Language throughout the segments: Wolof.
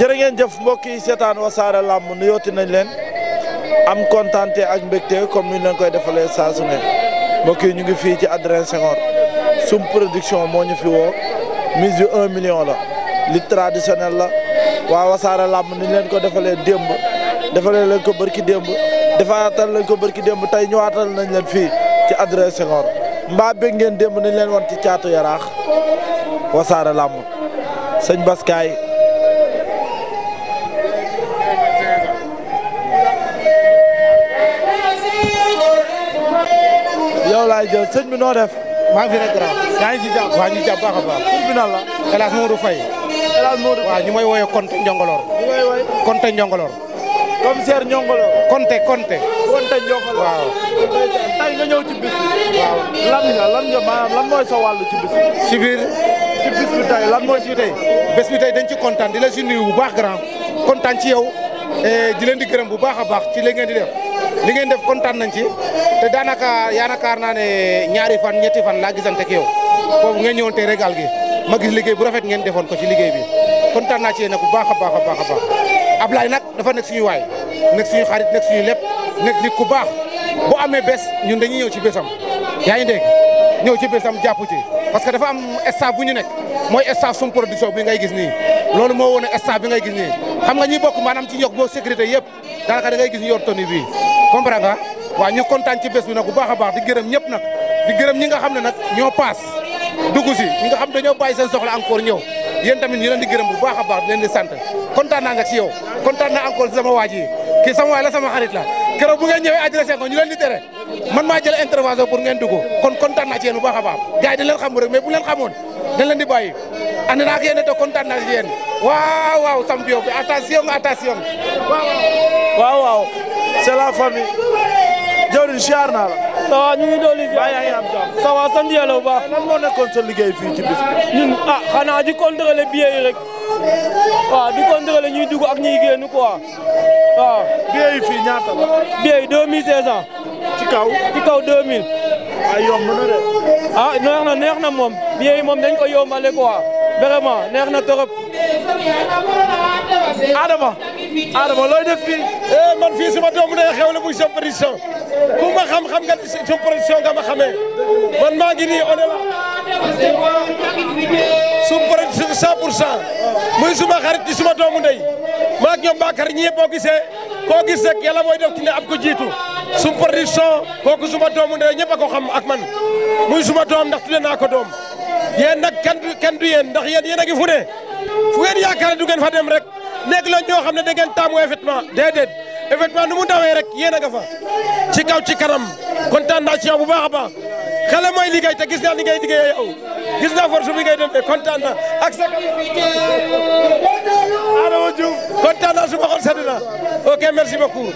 jërë ngeen jëf mbokk yi seetaan wasaare làmb nuyooti nañ leen am kontaan ak mbégte comme ni ñu leen koy defalee saa su mbokk yi ñu ngi fii ci Adrien Senghor sum production moo ñu fi woo mise bi un million la li traditionnel la waa wasaare làmb ni leen ko defalee démb defalee leen ko bërki démb defaatal leen ko bërki démb tey ñëwaatal nañ leen fii ci Adrien Senghor mbaa bég ngeen démb nañ leen wan ci caatu yaraax wasaare làmb sëñ Baskaay laay noo def. maa ngi fi rek grand. yaa ngi ci jàpp baax a baax. tur bi nan la. El Hadj Modou Faye. El Hadj Modou waaw ñu may woowee Konte Njongoloor. ñu may woowee. Konte Njongoloor. commissaire Konte Konte. Konte waaw. tey nga ñëw ci bis bi. waaw lan nga lan nga maanaam lan mooy ci bis bi. ci biir. ci bis bi tey lan mooy ci tey. bés bi tey dañ ci kontaan di la si bu baax grand kontaan ci yow eh, di leen di gërëm bu baax a baax ci li di def li ngeen def kontaan nañ ci te daanaka yaanakaar naa ne ñaari fan ñetti fan laa gisante ak yow foofu ngeen ñëwoon te régal gi ma gis liggéey bu rafet ngeen defoon ko ci liggéey bi kontaan naa ci yéen bu baax a baax a baax a baax Ablaye nag dafa nekk suñu waay nekk suñu xarit nekk suñu lépp nekk nit ku baax bu amee bés ñun dañuy ñëw ci bésam yaa ngi dégg ñëw ci bésam jàpp ci parce que dafa am staff bu ñu nekk mooy staff suñu production bi ngay gis nii loolu moo woon staff bi ngay gis nii xam nga bokk maanaam ci ñox boo sécurité yëpp da ngay gis ñu yor bii comprendre nga waaw ñu kontaan ci bés bi nag bu baax a baax di gërëm ñëpp nag di gërëm ñi nga xam ne nag ñoo paas dugg si ñi nga xam dañoo bàyyi seen soxla encore ñëw yéen tamit ñu leen di gërëm bu baax a baax di leen di sant kontaan naa nga ci yow kontaan naa encore ci sama waaj yi kii sama waay la sama xarit la keroog bu ngeen ñëwee adressé ko ñu leen di tere man maa jël intervention pour ngeen dugg kon kontaan naa ci yéen bu baax a baax gars yi dañ leen xam rek mais bu leen xamoon dañ leen di bàyyi ànd naa ak yéen te kontaan naa ci yéen waaw waaw samedi yow attention attention c'est la famille. jawriñ siyaar naa la. ça ñu ngi dolli fii. waaye yaa ngi am jàmm. ça va sant yàlla bu baax. nekkoon liggéey fi ci bis ñun ah, xanaa di contrôler billet yi rek waaw di contrôler ñuy dugg ak ñu génn ko waaw. billet yi ñaata la. billet yi 2500. kaw ci kaw 2000. ay yomb na de. ah neex na neex na moom billet yi moom dañ ko yombale quoi vraiment neex na trop. Adama. Adama looy def fii. Eh, doomu ne xew la muy sa production ku ma xam-xam nga sa production nga ma xamee man maa gi nii on est là. su sa 100 muy suma xarit di suma doomu ndey maa ngi ñoom Bakar ñii boo gisee koo gis rek yàlla mooy def ci ne am ko jiitu su production kooku suma doomu ndey ñëpp ko xam ak man muy suma doom ndax tuddee naa ko doom yéen nag kenn du ndax yéen yéen a ngi fu ne fu ngeen yaakaar fa dem rek. nekk la ñoo xam ne da ngeen taamu événement déedéet événement nu mu dawee rek yéen a nga fa ci kaw ci kanam kontaan naa ci yow bu baax a baax xale mooy liggéey te gis naa li ngay liggéey yow gis naa force bi ngay demee kontaan naa ak sa Adama Diouf kontaan naa su ma xool sedd na ok merci beaucoup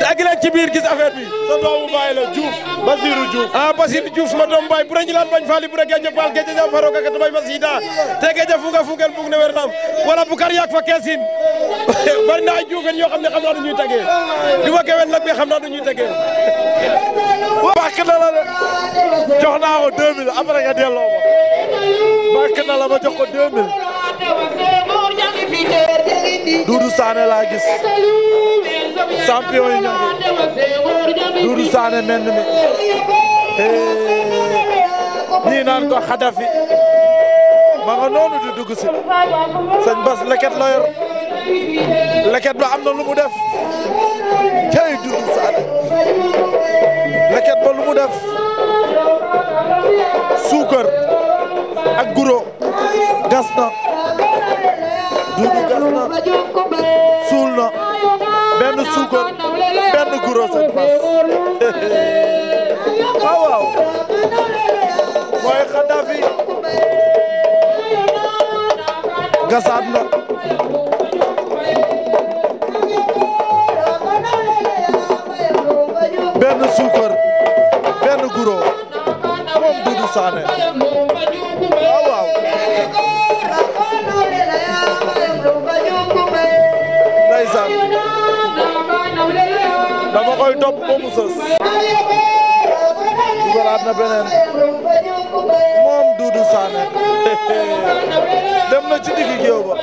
dagg leen ci biir gis affaire bi sa doomu baay la Diouf Basirou Diouf ah Basirou Diouf sama doomu baay bu reñilan bañ faali bu regeje pal geje jam faro ka to bay masida te geje fuga fugel bug ne wernam wala bu kar yak fa keesin bari na ay Diouf yoo xam ne xam naa du ñuy tagee duma kewen nag mais xam naa du ñuy tagee bàkk na la jox naa ko 2000 après nga delloo ma bàkk na la ma jox ko 2000 Doudou Sané laa gis champion yi ñëw Doudou Sané mel ni naan ko xadafi ma nga noonu di dugg si Bas leket la yor ba am na lu mu def cey Doudou Sané leket ba lu mu def suukar ak guro gas Doudou benn suukar benn gros ak mooy Xadafi gasaat na moo koy topp ba mu sës dugalaat na beneen moom Doudou Sané dem na ci digg géew ba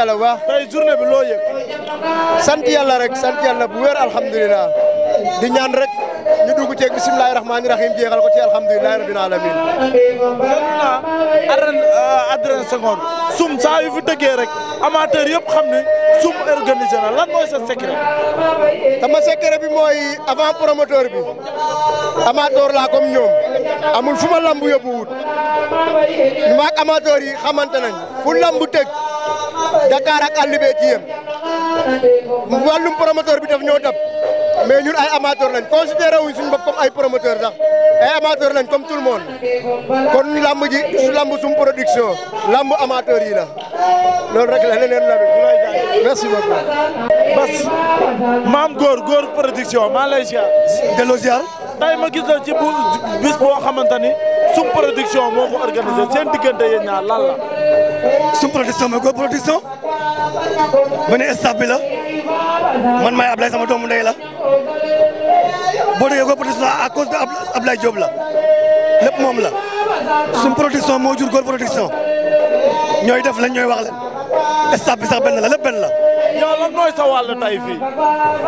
yàlla bu baax. tey journée bi loo yëg. sant yàlla rek sant yàlla bu wér alhamdulilah di ñaan rek ñu dugg ceeg bisimilahi rahmaani rahim jeexal ko ci alhamdulilahi rabbil alamin. Adrien euh, Senghor sum saa yu fi tëggee rek amateur yëpp xam ne sum organisé na lan mooy sa secret. sama secret bi mooy avant promoteur bi amateur laa comme ñoom amul fu ma lamb yóbbu wut maak amateur yi xamante nañ fu lamb tëgg. Dakar ak àll bee ci yem wàllum promoteur bi daf ñoo dab mais ñun ay amateur lañ considéré wuñ bopp comme ay promoteur sax ay amateur lañ comme tout le monde kon lamb ji su lamb sum production lamb amateur yi la loolu rek la leneen la merci maam góor góor production maa lay ziar. delloo ma gis la ci bu bis boo xamante ni sum production moo ko organisé seen diggante yéen ñaar lan la. suñu production mooy góor production beneen staff bi la man maay Ablaye sama doomu ndey la boo dee góor production à cause de Ablaye Diop la lépp moom la suñu production moo jur góor production ñooy def lañ ñooy wax leen staff sax benn la lépp benn la.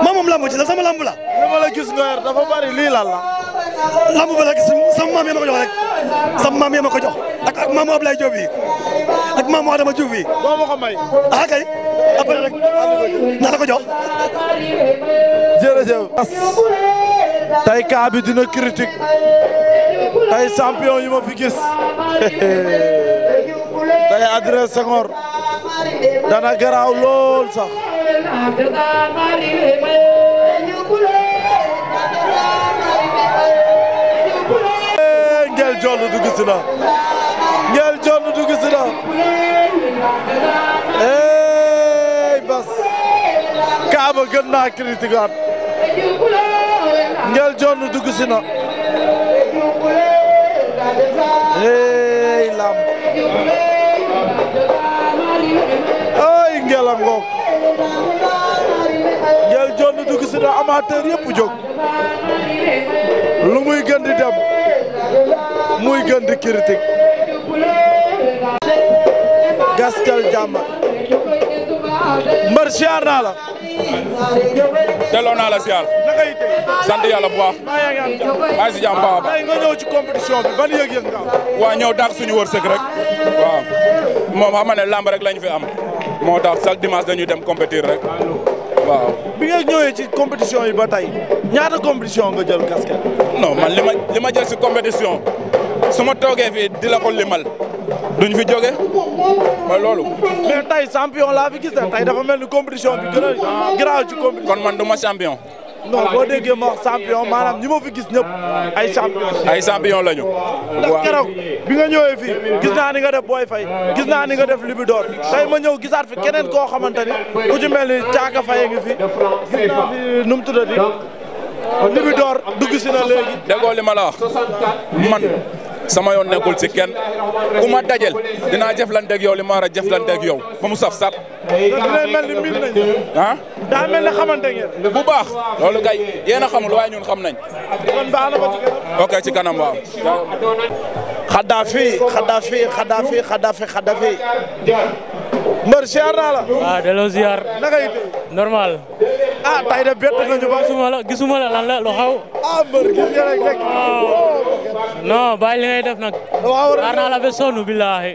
maa moom la sama lamb la. li ma la gis ba la sama maam yi ko jox rek. sama maam yee ma ko ak ak maamu Ablaye Diop ak maamu Adama Diouf yi. doo ma ko may. ah na la ko jox. jërëjëf. tey kaa bi dina critique ma fi gis tey adresse Senghor dana garaaw lool sax. Jonn dugg si na Ngel Jonn dugg si na ey bas Kaaba gën naa critique at Ngel Jonn dugg si na ey lam Ngel Jonn dugg si na amateur yëpp jóg lu muy gën di dem muy gën di critique Gaskel Diambar mbër siyaar naa la delloo naa la siyaar sant yàlla bu baax maa ngi si jàmm baax a nga ñëw ci compétition bi ban yëg-yëg nga am waaw ñëw daak suñu wërsëg rek waaw moom xam lamb rek lañ fi am moo tax chaque dimanche dañuy dem compétir rek waaw bi nga ñëwee ci compétition yi ba tey ñaata compétition nga jël Gaskel non man li ma li ma jël si compétition su ma toogee fi di la ko limal duñ fi jóge mooy loolu. mais tey champion laa fi gis ne tey dafa mel ni compétition bi gën a grave ci compétition. kon man du ma champion. non boo déggee ma wax champion maanaam ñi ma fi gis ñëpp ay champion ay champion lañu. ndax bi nga ñëwee fii gis naa ni nga def Boy Faye gis naa ni nga def Libidor tey ma ñëw gisaat fi keneen koo xamante ni ku ci mel ni Caaka Faye fi gis naa fi nu mu tuddati na léegi. déggoo li ma la wax man. sama yoon nekkul ci kenn ku ma dajel dinaa jëflanteeg yow li ma war a jëflanteeg yow ba mu saf sap. dina mel ni miin nañ ah daa ne xamante ngeen bu baax loolu kay yéen xamul waaye ñun xam nañ. na ok ci kanam waaw. Xadaafi Xadaafi Xadaafi Xadaafi Xadaafi. mbër ziar naa la. waaw ah, delloo ziar. naka it normal. ah tay de bett nañu ba. gisuma la gisuma lan la loo xaw. ah mbër gis nga rek non bàyyi li ngay def nag. war naa la ba sonn billaahi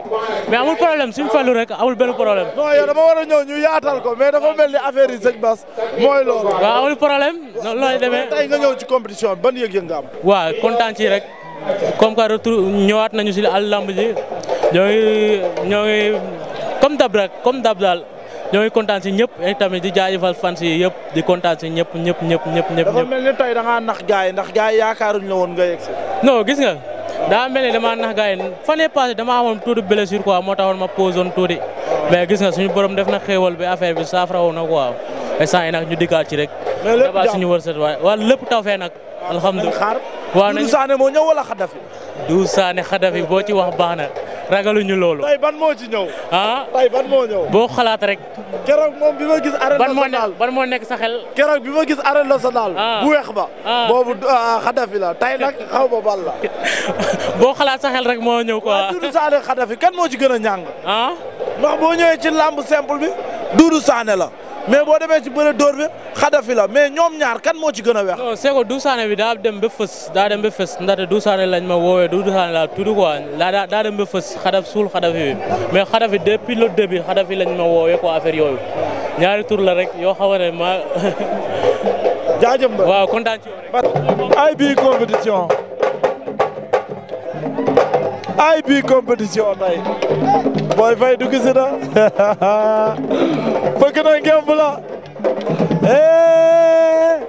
mais amul problème suñu fallu rek amul benn problème. non yow dama war a ñëw ñu yaatal ko mais dafa mel ni affaire yi sëñ Bass mooy loolu. amul problème noonu lay demee. tey nga ñëw ci compétition ban yëg-yëg nga am. waaw kontaan ci rek comme que retour ñëwaat nañu si àll lamb ji ñoo ngi ñoo comme dab rek comme dab daal. ñoo ngi kontaan si ñëpp et eh, tamit di jaajëfal fans yi yëpp di kontaan da ngaa nax gars yi ndax gars yi yaakaaruñ la woon nga yegg si. non gis nga daa mel ni damaa nax gars yi fan yii passé damaa amoon tuuti blessure quoi moo taxoon ma posé woon mais gis nga suñu borom def na xéewal bi affaire bi saafara woon na quoi instant yi ñu dikkaat ci rek. mais suñu wërsëg waaye wala lépp tawfee nag. alhamdulilah waaw nañu xaar moo ñëw wala Xadafi. Doudou Xadafi boo ci wax baax na ñu loolu. tey ban moo ci ñëw. ah tey ban moo ñëw. boo xalaat rek. keroog moom bi ma gis. arène nationale ban moo nekk sa xel. bi ma gis arène nationale. Ah. bu weex ba. Ah. boobu xadafi ah, la tey nag boo xalaat sa rek moo ñëw quoi. waaw Doudou Sané xadafi kan moo ci gën a ñàng. ah ndax boo ñëwee ci lamb simple bi Doudou Sané la. mais boo demee ci bëre dóor bi xadafi la mais ñoom ñaar kan moo ci gën a weex. non c'est que daa dem ba fës daa dem ba fës ndaxte duusaane lañ ma woowee du duusaane laa tudd quoi daa daa dem ba fës xadaf suul xadafi bi mais xadafi depuis le début xadafi lañ ma woowee quoi affaire yooyu ñaari tur la rek yoo xam ne maa. jaajëf ba waaw kontaan ci ay bi compétition. ay bii compétition tey booy fay na fëgg na ngemb la eh,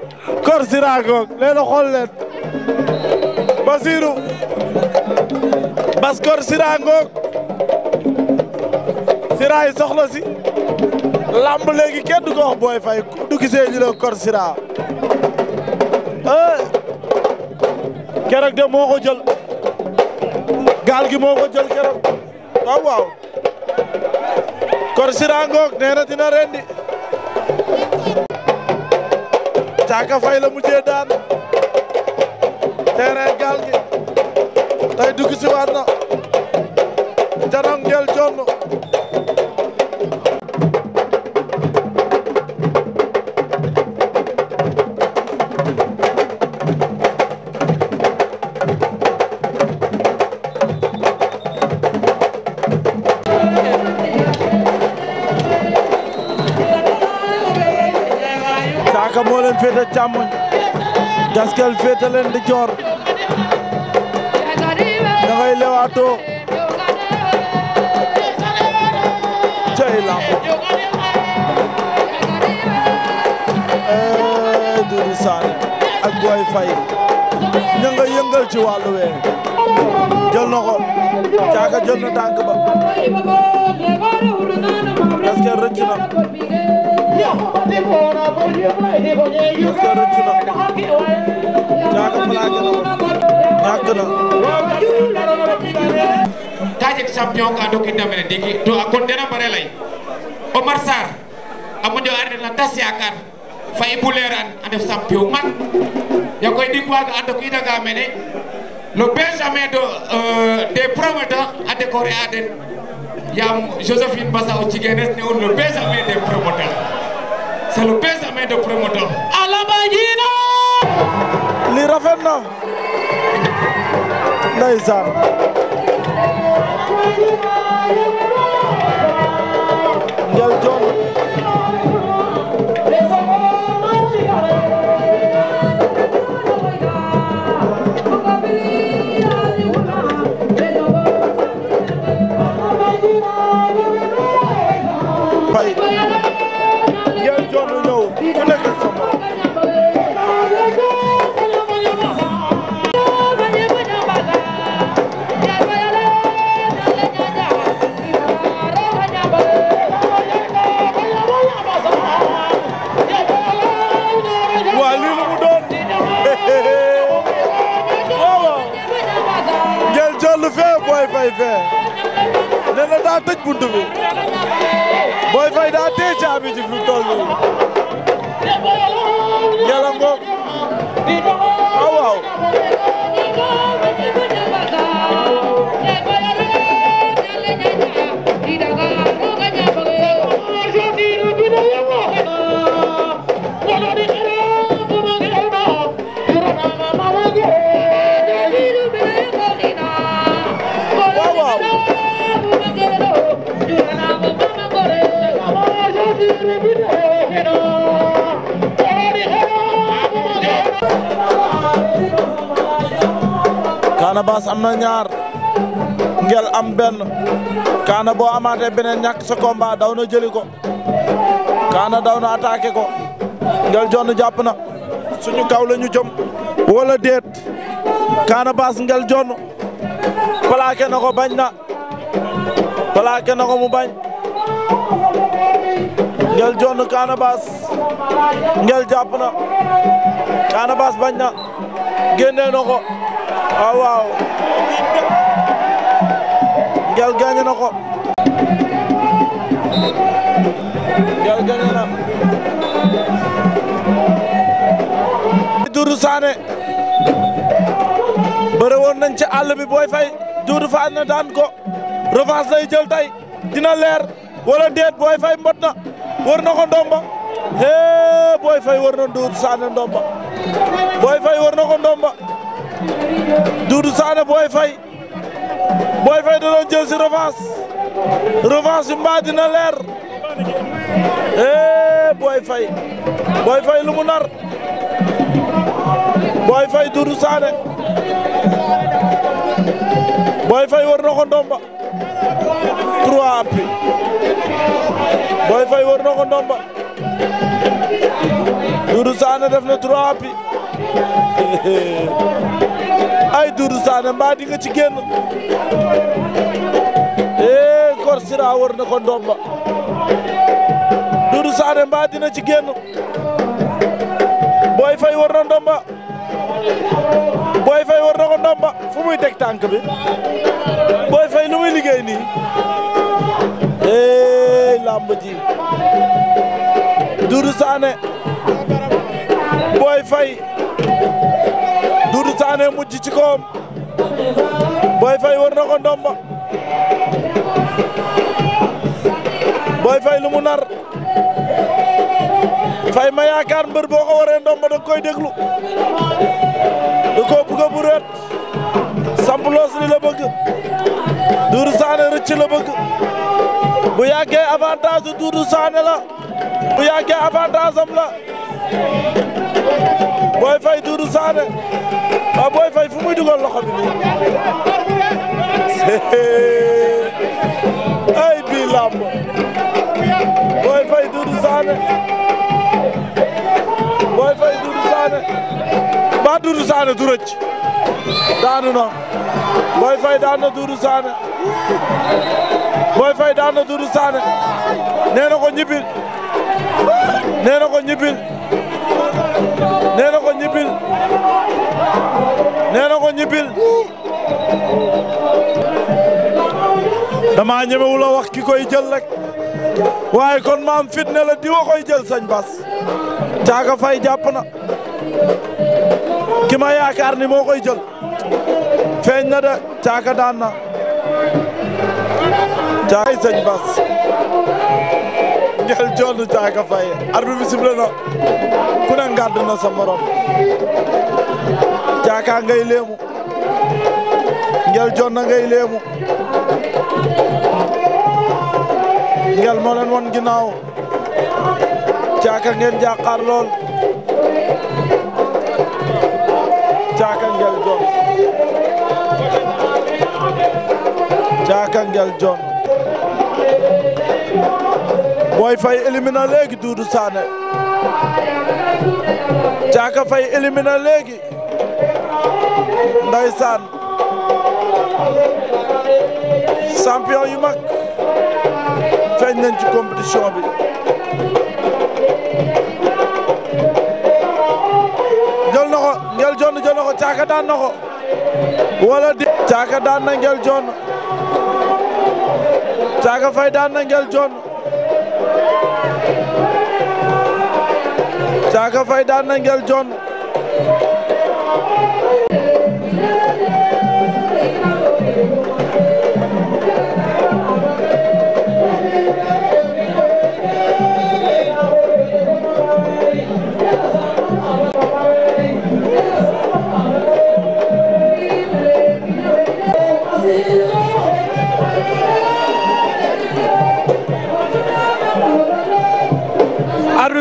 kor siragoog leena xool leen Basiru bas kor siragoog siraay soxla lamb léegi kenn du ko wax booy fay du gisee ñu la sira eh, keroog de moo ko gaal gi moo ko jël keroog waaw waaw kor sirangoog nee na dina rendi caaka fay la mujjee daan terrain gaal gi tey dugg si waat na janam ngel féete càmmoñ Gaskel féete leen di joor da ngay lewaatoo cey lamb ee eh, Doudou Sané ak Boy Faye ña ci wàllu wee jël na ko caaka jël na tànk ba Gaskel rëcc taajek champion ka doki damene ndiki to a kondena mbare ley Omar Sarr a moƴo arde na tas yakar fayi buleer an a ndef champion mat yakoy ndik waaga a dokiidaga mene le benjamin de des a décoré a yaam Josephine Bassa o cigenes ne un le benjamin des promoteurs c'est le benjamin de promoteur alabajina li rafet na ndeysaan abiti Faas am na ñaar am benn Kaana boo amaatee beneen ñàkk daw na jëli ko daw na attaqué ko jàpp na suñu kaw la ñu jëm wala déet Kaana Baas ngel jonn ko bañ na plaqué na ko mu bañ ngel jonn Kaana Baas ngel na Kaana bañ na génnee na ko ah, waaw Ngel gaañ na ko Ngel gaañ na Doudou Sané bëre woon nañ ci àll bi booy fay Doudou fa na daan ko revanche lay jël tey dina leer wala déet booy fay mbot na ko ndomba hee booy fay wër na Doudou Sané booy fay wër ko ndomba Doudou Sané Boy Faye Boy Faye da doon jël si revanche revanche dina leer eh Boy Faye Boy Faye lu mu nar Boy Faye Doudou Sané Boy Faye war na ko ndomba trois appuis Boy Faye war def na trois ay Doudou Sané mbaa ci génn ee eh, Kor Sira wër na ko ndomba Doudou Sané mbaa ci génn Boy Faye wër na ndomba Boy Faye wër na ko ndomba fu muy teg tànk bi Boy liggéey nii ee eh, làmb ji Doudou Sané Boy Faye Sané mujj ci koom Boy Faye war na nar Faye ma mbër boo ko waree ndomba koy déglu da koo bëgg a bureet li la bëgg Doudou Sané rëcc la bëgg bu yàggee avantage Doudou Sané la bu yàggee avantage la Boy Faye Doudou Sané waaw ah, Boy Faye fu muy dugal loxo bi nii ay bii làmb Boy Faye Doudou Sané Boy ba Doudou Sané du daanu na Boy Faye daan na Doudou Sané Boy Faye daan na Doudou Sané nee na ko ñibbil nee na ko ñibbil nee ko ñibbil nee na ko ñibbil dama ñemewu la wax ki jël rek waaye kon maam fitne la diwa koy jël sañ bas Caaka Fay jàpp na ki ma yaakaar ni moo koy jël feeñ na de Caaka daan na Caaka Fay bas Diguel Dione Thiaka Faye arbitre bi ku ne ngàdd sa morom Thiaka ngay léemu Diguel Dione na ngay léemu Diguel moo leen won ginnaaw Thiaka ngeen lool Thiaka Diguel Dione Thiaka Diguel Dione Boy Faye éliminer léegi Doudou Sané Caaka Faye éliminer léegi ndeysaan champion yu mag feeñ nañ ci compétition bi jël na ko Ngel Jonn jël na ko Caaka daan na ko wala di Caaka daan na Ngel Jonn Caaka Faye daan na Ngel Jonn Caaka Faye daan na Ngel Jon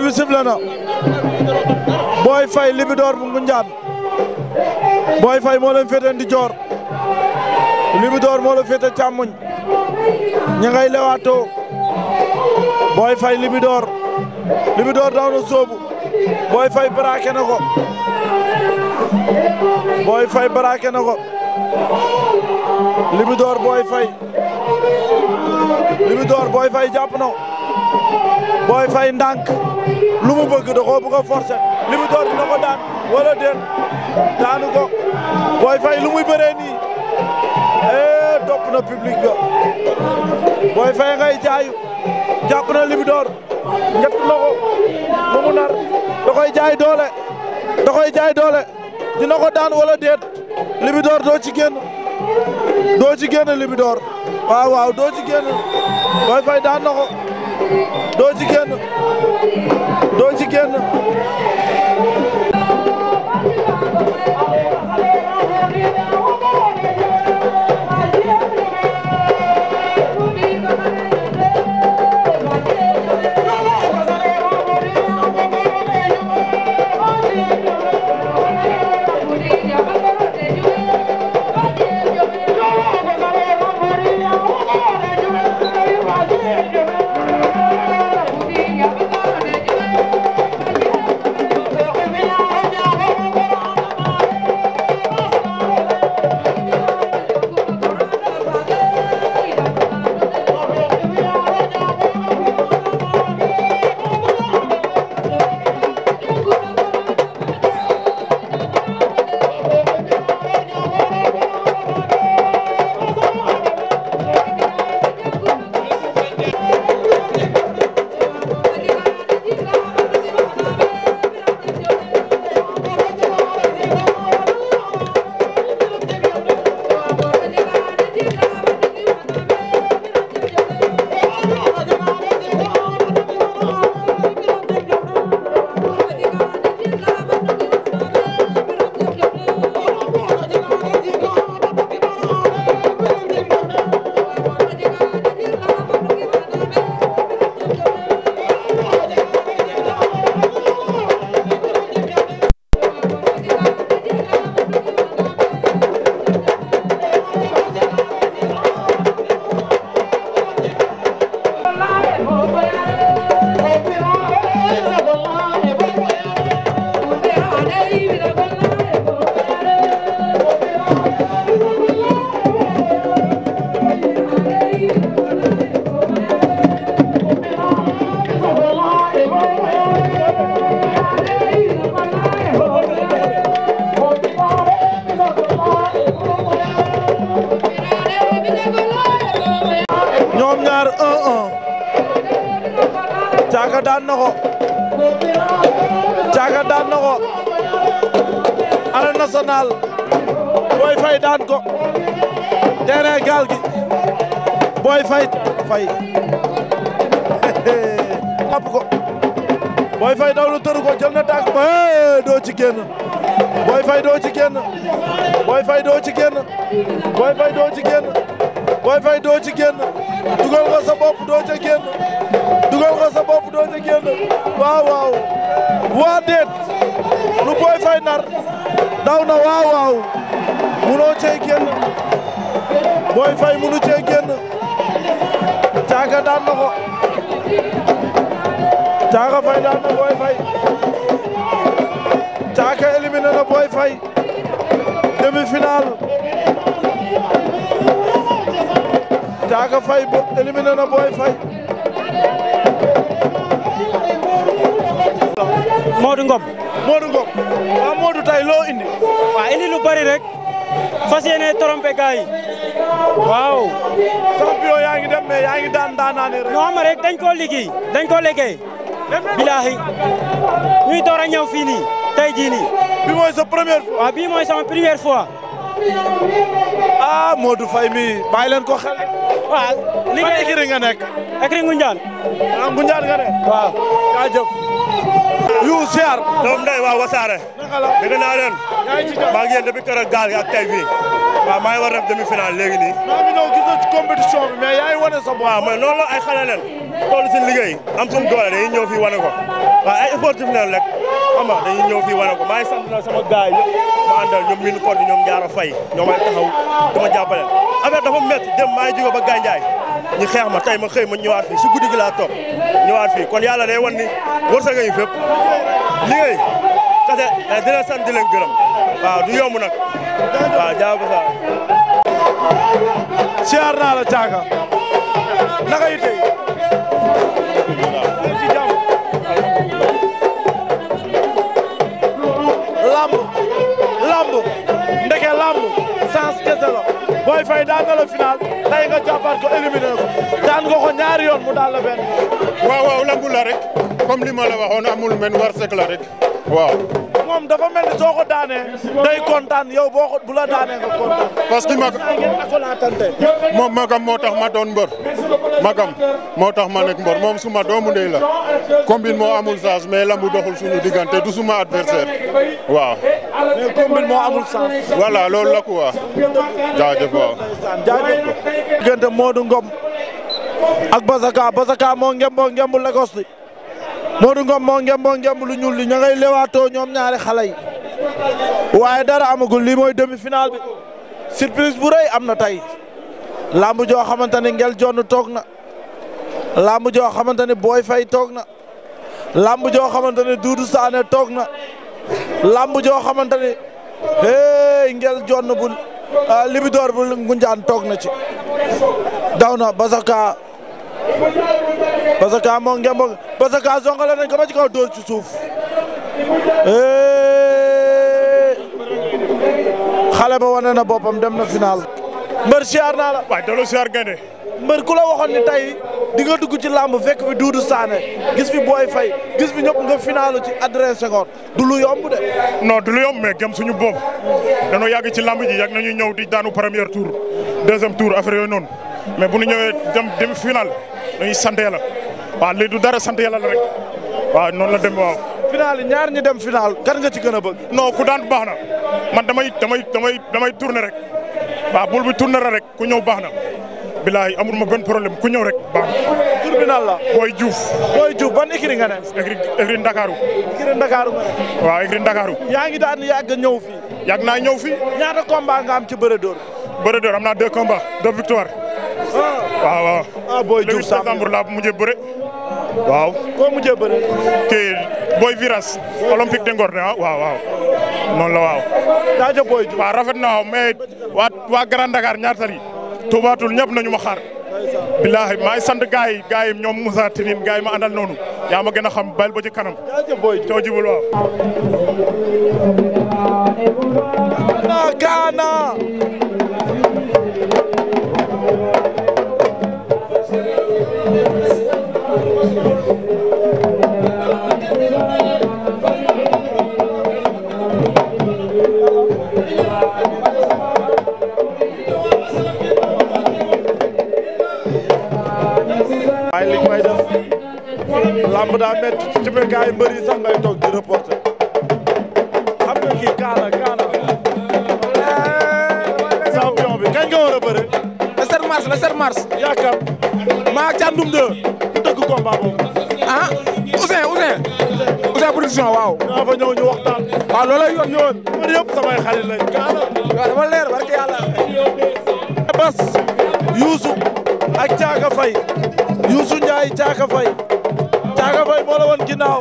bi sifle na Boy Faye Libidor bu Ngoundiane Boy Faye moo leen féete ndijoor Libidor moo leen féete càmmoñ ña ngay na soobu Boy Faye braqué na ko Boy Faye braqué na ko Libidor Boy Faye Boy Faye ndànk lu mu bëgg da koo bëgg a forcer li mu door dina ko daan wala déet daanu ko Boy Faye lu muy bëree nii eh topp na public ga Boy Faye ngay door njëkk na ko lu mu doole da koy daan wala déet li door doo ci doo ci génn door waaw doo ci génn Boy Faye daan na ko. doo ci génn ci génn ci génn daan na ko Thiaka Faye daan na Boy Faye Thiaka éliminé na Boy Faye demi-finale Thiaka Faye bo éliminé na Boy Faye Modou Ngom Modou ah, tay loo indi waaw indi lu bari rek fas yéene trompé yi waaw champion yaa ngi dem yaa ngi daan daanaane rek non ma rek dañ koo liggéey dañ koo liggéey bilaahi ñuy door a ñëw fii nii bi mooy sa première fois. waaw ah, bii mooy sama première fois. ah Modou Faye mi bàyyi leen ko xel. waaw li nga écrir nga nekk. écrir Ngoundiane. ah Ngoundiane nga ne. waaw jaajëf. yu siyaar. doom ndey waaw wasaare. dëgg naa leen maa ngi yéen depuis keroog gaal gi ak tey fii waaw maa ngi a demi final léegi nii maa ngi ñëw gis na ci compétition bi mais yaay wane sa bopp waaw mooy noonu la ay xale leen toll si liggéey am suñu doole dañuy ñëw fii wane ko waaw ay sportif leen rek xam nga dañuy ñëw fii wane ko maa ngi sant na sama gars yi ma àndal ñoom min kod ñoom jaara fay ñoom ay taxaw dama jàppale affaire dafa métti dem maa ngi jóge ba gànjaay ñu xeex ma tey ma xëy ma ñëwaat fii si guddi gi laa toog ñëwaat fii kon yàlla day wan ni wërsëg yi fépp kase eh, di leen sant di leen gërëm waaw du yomb nag waaw jaago sa siyaar naa la Thiaka naka yi lamb lamb ndeke lamb sans kese la Boy Faye na la final tey nga jàppaat ko éliminé ko daan nga ko yoon mu daal la benn waaw waaw lamb la rek comme li ma la waxoon amul men war sek la rek waaw moom dafa mel ni soo daanee day kontaan yow boo ko bu daanee nga kontaan. parce que ma magam moo tax ma doon mbër magam moo tax ma nekk mbor moom suma doomu ndey la combine moo amul sens mais lambu doxul suñu diggante du suma adversaire waaw. mais combine moo amul sens. voilà loolu la quoi jaajëf waaw. jaajëf ko Ngom ak Basaka Basaka moo ngemboo ngembul Lagos bi Modou Ngom moo ngem moo ngem lu ñuul li ña ngay lewaatoo ñoom ñaari xale yi waaye dara amagul lii mooy demi-finale bi surprise bu rey am na tey lamb joo xamante ni ngel jonn toog na lamb joo xamante ni booy fay toog na lamb joo xamante ni duudu saane toog na lamb joo xamante ni gel ngel jonn bu ah, libidoor bu ngunjaan toog na ci daw na basaka Bazaka moo ngemb Bazaka zongale nañ ko ba ci kaw dóor ci suuf xale ba wane na boppam dem na final. mbër siyaar naa la. waaye delloo siyaar gaynde. mbër ku la waxoon ni tey di nga dugg ci làmb fekk fi Doudou Sané gis fi Boy fay gis fi ñëpp nga finalu ci Adrien Senghor dulu lu yomb de. non du yomb mais gëm suñu bopp danoo yàgg ci làmb ji yàgg nañu ñëw di daanu premier tour deuxième tour affaire yooyu noonu. mais bu ñu ñëwee dem demi final dañuy sant yàlla waaw lii dara sant yàlla la rek waaw noonu la dem waaw. final yi ñaar ñi dem final kan nga ci gën a bëgg. non ku daan baax na man damay damay damay damay tourner rek waaw bul bi tourner rek ku ñëw baax na bilaay amul ma benn problème ku ñëw rek baax na. tur bi naan la. Boy Diouf. ban écurie nga ne. écurie Ndakaaru. écurie Ndakaaru nga Ndakaaru. yaa ngi daan yàgg ñëw fii. yàgg naa ñëw fi ñaata combat nga am ci bëre door. bëre door am naa deux combats deux waaw ah, waaw. ah booy Diouf Samb le 8 septembre laa mujjee bëre. waaw. koo mujjee bëre. kii booy Viras. olympique de Ngor ah waaw waaw. noonu la waaw. daa rafet na waaw mais waa waa Grand Dakar ñaar tali. tubaatul ñëpp nañu ma xaar. billahi maay sant gaay yi gaay yi ñoom Moussa Tinim gaay yi ma àndal noonu yaa ma gën a xam bal ba ci kanam. coo jibul waaw. Gaana Gaana. lamb daa métti ci mbir gars yi mbër yi sax ngay toog mars le 7 mars. yaakaar maa càndum de ku tëgg combat aa ah Ousseyn Ousseyn. Ousseyn production waaw. naa fa ñëw ñu waxtaan. waaw loolay yoon yoon. man yëpp samay xarit lañ. waaw dama leer barke yàlla. Bas ak Thiaka Faye Youssou Ndiaye Thiaka Faye Thiaka Faye moo la woon ginnaaw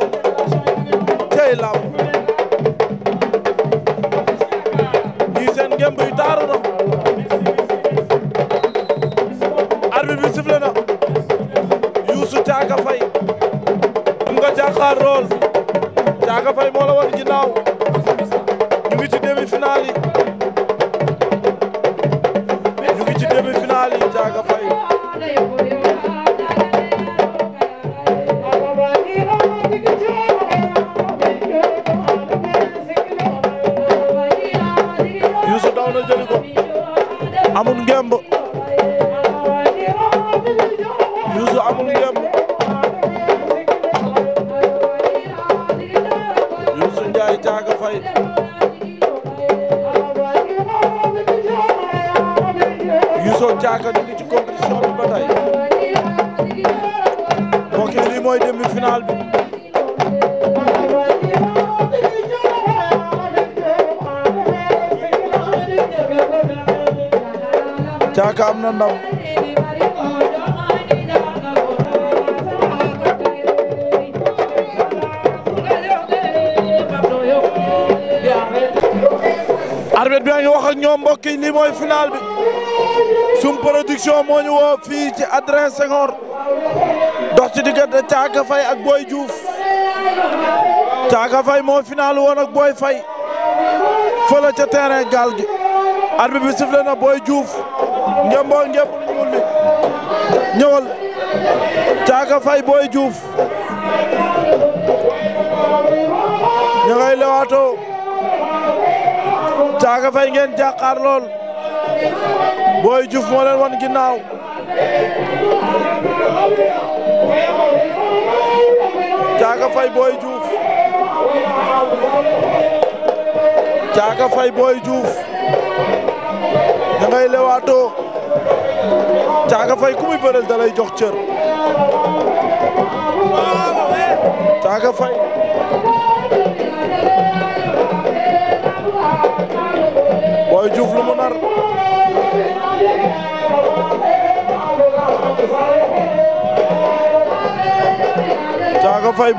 tey lam ñii seen ngemb yu Caaka Faye am nga jàkkaar lool Caaka Faye moo la woon ginnaaw ñu ngi ci demi-finale yi bi mooy bi Caaka am na ndam arbitre bi nga wax ñoom mbokk yi lii bi Soum Production moo woo fii ci Adrien Senghor diggante Caaka Fay ak booy Diouf Caaka Fay moo final woon ak Boy Fay fële ca terrain gaal gi arbitre bi sifflé na Boy Diouf ngemboo ngemb lu ñuul li ñëwal Caaka Fay Boy Diouf ña ngay lewaatoo Caaka Fay ngeen jàkkaar lool Boy Diouf moo leen wan ginnaaw Caaka Faye Boy Diouf Caaka Faye Boy Diouf da ngay lewaatoo Caaka Faye ku muy bëreel da jox cër Caaka Faye Boy Diouf lu mu nar Caaka Faye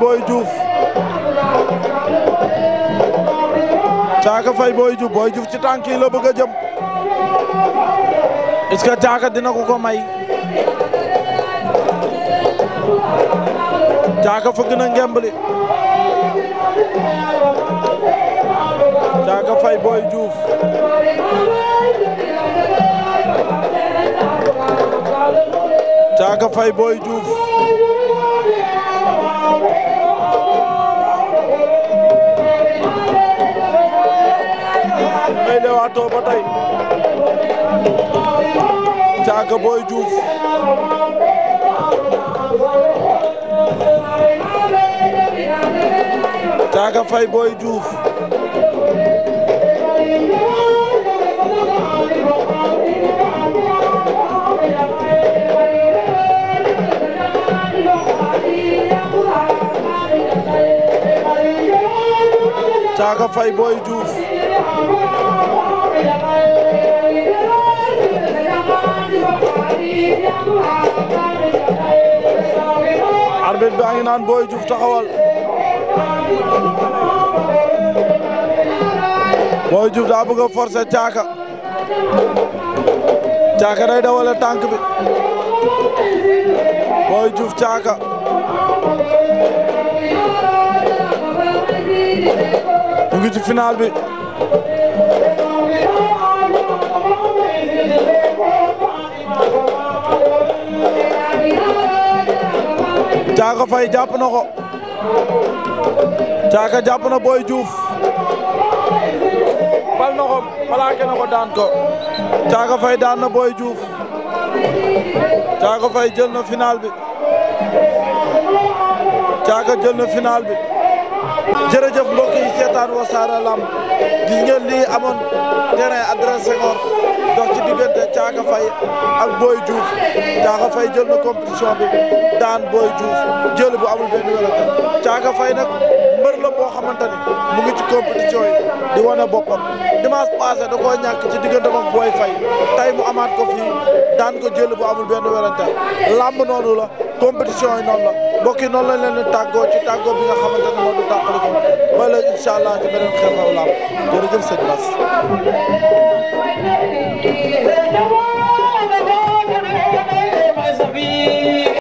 Boy Diouf ci tànk yi la bëgg a jëm est Caaka dina ko ko may Caaka fëgg na ngembali Caaka Faye Boy Diouf ay lewaatoo ba tey Caaka Fay Boy Diouf Ndiaga Faye bi a ngi naan booy Diouf taxawal Boy Diouf daa bëgg a forcer Thiaka Thiaka day dawale tànk bi Boy Diouf Thiaka mu ngi jàpp na ko Caaka jàpp na booy Diouf bal na ko plaqué na ko daan ko Caaka Faye daan na Boy Diouf Caaka Faye jël na final bi Caaka jël na final bi jërëjëf mbokk waxtaan Wassare Lamb gis ngeen lii amoon terrain Adrien Senghor dox ci diggante Caaka Fay ak Boy Diouf Caaka Fay jël na compétition bi daan Boy Diouf jël bu amul benn werante Caaka Fay nag mbër la boo xamante ni mu ngi ci compétition yi di wane boppam dimanche passé da koo ñàkk ci diggante moom Boy Fay tey amaat ko fii daan ko jël bu amul benn werante lamb noonu la compétition noonu mbokk yi noonu lañ leen di tàggoo ci tàggoo bi nga xamante ne moo du la incha allah ci beneen